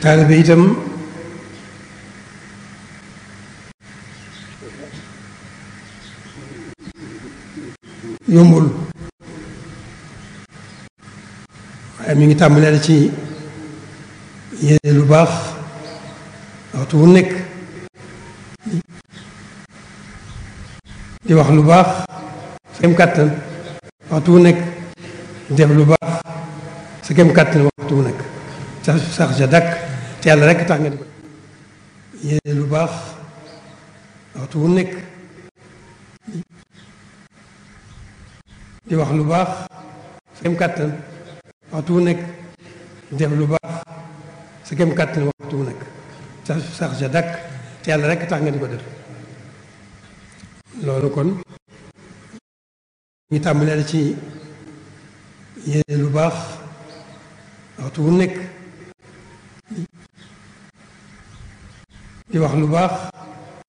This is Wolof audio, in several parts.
taalibe itam yombul waaye mi ngi tàmbalee ci yéene lu baax waxtu wu nekk di wax lu baax sa kem kàttan waxtu wu nekk def lu baax sa kem kàttan waxtu wu nekk sax sax ca dàkk te lu baax waxtu wu nekk di wax lu baax kem kàttan waxtu nekk def lu baax sa kem kàttan waxtu wu nekk sax ca dàkk te yàlla rek tax nga di ko def loolu kon ñu tàmbalee ci yéene lu baax waxtu wu nekk di wax lu baax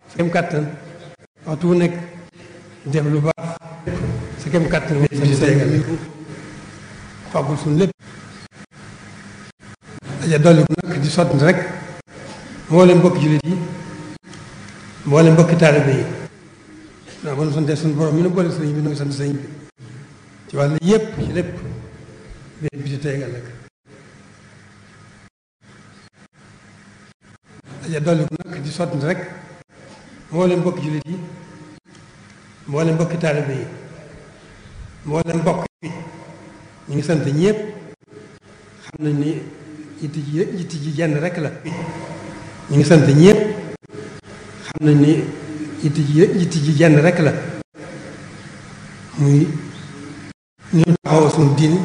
sa kem kàttan waxtu nekk def lu baax sa kem kàttan fàggul suñu lépp daja dolli ko nag di sotti rek bi sant sëriñ bi ci wàll yépp ci lépp daja dolli ko di sotti rek mboolem bokk jullit yi mboolem bokki taalibe yi mboolem bokk yi ñu ngi sant ñëpp xam nañ ni yitti ji yitti ji jenn rek la ñu ngi sant ñëpp xam nañ ni yitti ji yitti ji jenn rek la muy ñu taxaw suñu diin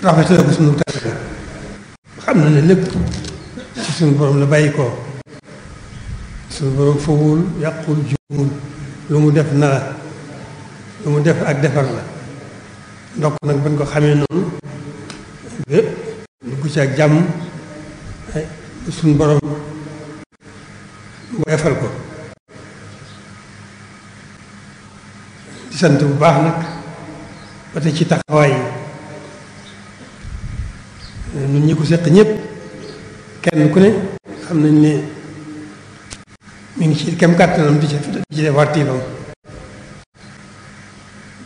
rafetal ko sunu taalibe xam na ne lépp ci sunu borom la bàyyi ko sunu borom fowul yàqul juumul lu mu def na la lu mu def ak defar la ndokk nag bañ ko xamee noonu ba ci ak jàmm suñu borom woyofal ko di sant bu baax nag ba ci taxawaay ñun ñi ko seq ñëpp kenn ku ne xam nañ ne mi ngi ci kem kàttanam di ci di def wartiibam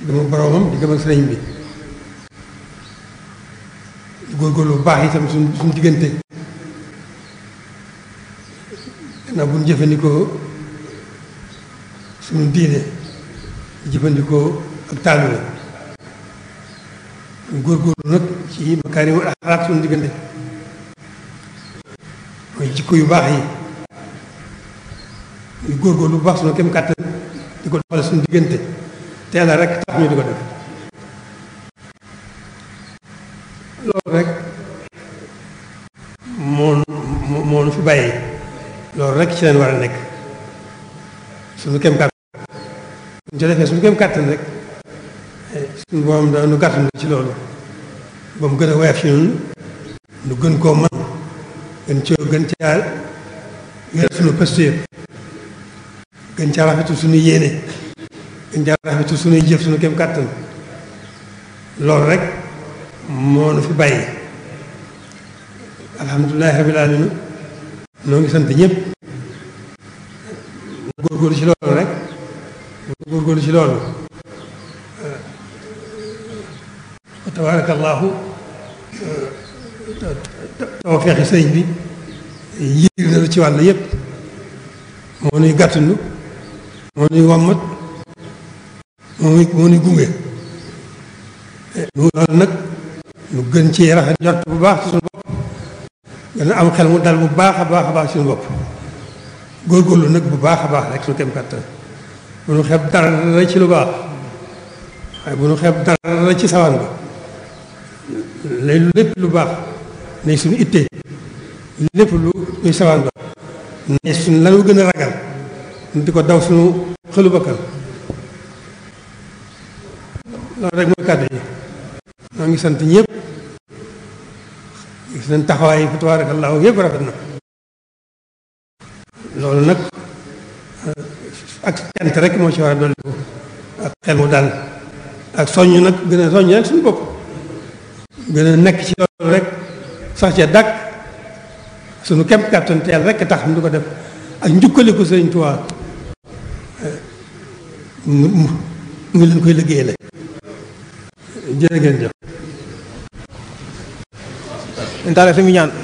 di gëm di gëm sëriñ bi di góorgóorlu bu baax itam suñ suñ diggante bu jëfandikoo suñu diine di jëfandikoo ak taalu la góor góorgóorlu nag ci makaarimul axlaaq suñu diggante mooy jikko yu baax yi ñu góorgóorlu bu baax suñu kem kàttan di ko doxale suñu diggante te yàlla rek tax ñu di ko def loolu rek moo moo fi bàyyi loolu rek ci leen war a nekk suñu kem kàttan ñu ci defee suñu kem kàttan rek suñu borom dana ci loolu ba mu gën a woyof ci nu gën koo mën gën ci gën caa wér suñu pëstéef gën caa rafetu suñu yéene gën caa suñuy jëf suñu kem loolu rek moo nu fi bàyyi alhamdulilahi rabil ngi sant ñëpp góorgóorlu ci ci loolu tabaarakallaahu tawfeexi sëriñ bi yiir na lu ci wàll yépp moo nuy gàttanu moo nuy wommat moo nuy gunge loolu nag nu gën ci rafet jot bu baax ci suñu bopp gën a am xel mu dal bu baax a baax a baax suñu bopp góorgóorlu nag bu baax a baax rek suñu kem kàttan bu nu xeeb dara la ci lu baax waaye bu nu xeeb dara la ci sawaan ba lay lépp lu baax nay suñu ittee lépp lu ñuy sawaan la nay suñu lanu gën a ragal di ko daw suñu xëlu bakkan loolu rek mooy kàddu yi ñoo ngi sant ñëpp gis nañ taxawaay yi fa tabaarakallaahu yëpp rafet na loolu nag eh, ak cant rek moo ci war a dolli ko ak xel mu daal ak soññ nag gën a soññ rek suñu bopp gën a nekk ci loolu rek sax ca dàkk sunu kem kàttan teel rek tax ñu ko def ak njukkaliku Sëriñ Tuubaa eh, mu mu ngi leen koy liggéeyale jërë ngeen jëf. intaale suñu ñaan.